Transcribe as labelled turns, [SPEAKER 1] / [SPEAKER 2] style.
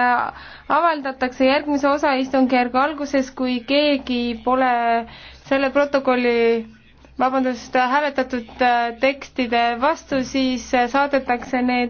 [SPEAKER 1] Äh, avaldatakse järgmise osa istungjärgu alguses, kui keegi pole selle protokolli vabandust, hääletatud äh, tekstide
[SPEAKER 2] vastu, siis äh, saadetakse need